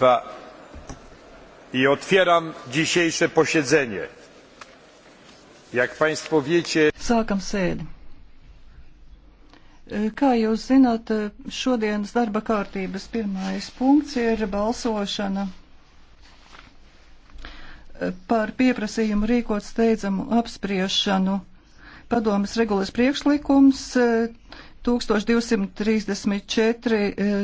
państwa! otwieram dzisiejsze posiedzenie. jak państwo wiecie sākam sēdi. E, kā jūs zināt, e, šodienas darba kārtības pirmais punkts ir balsošana e, par pieprasījumu rīkot steidzamu apspriešanu. Padomas regulas priekšlikums 1234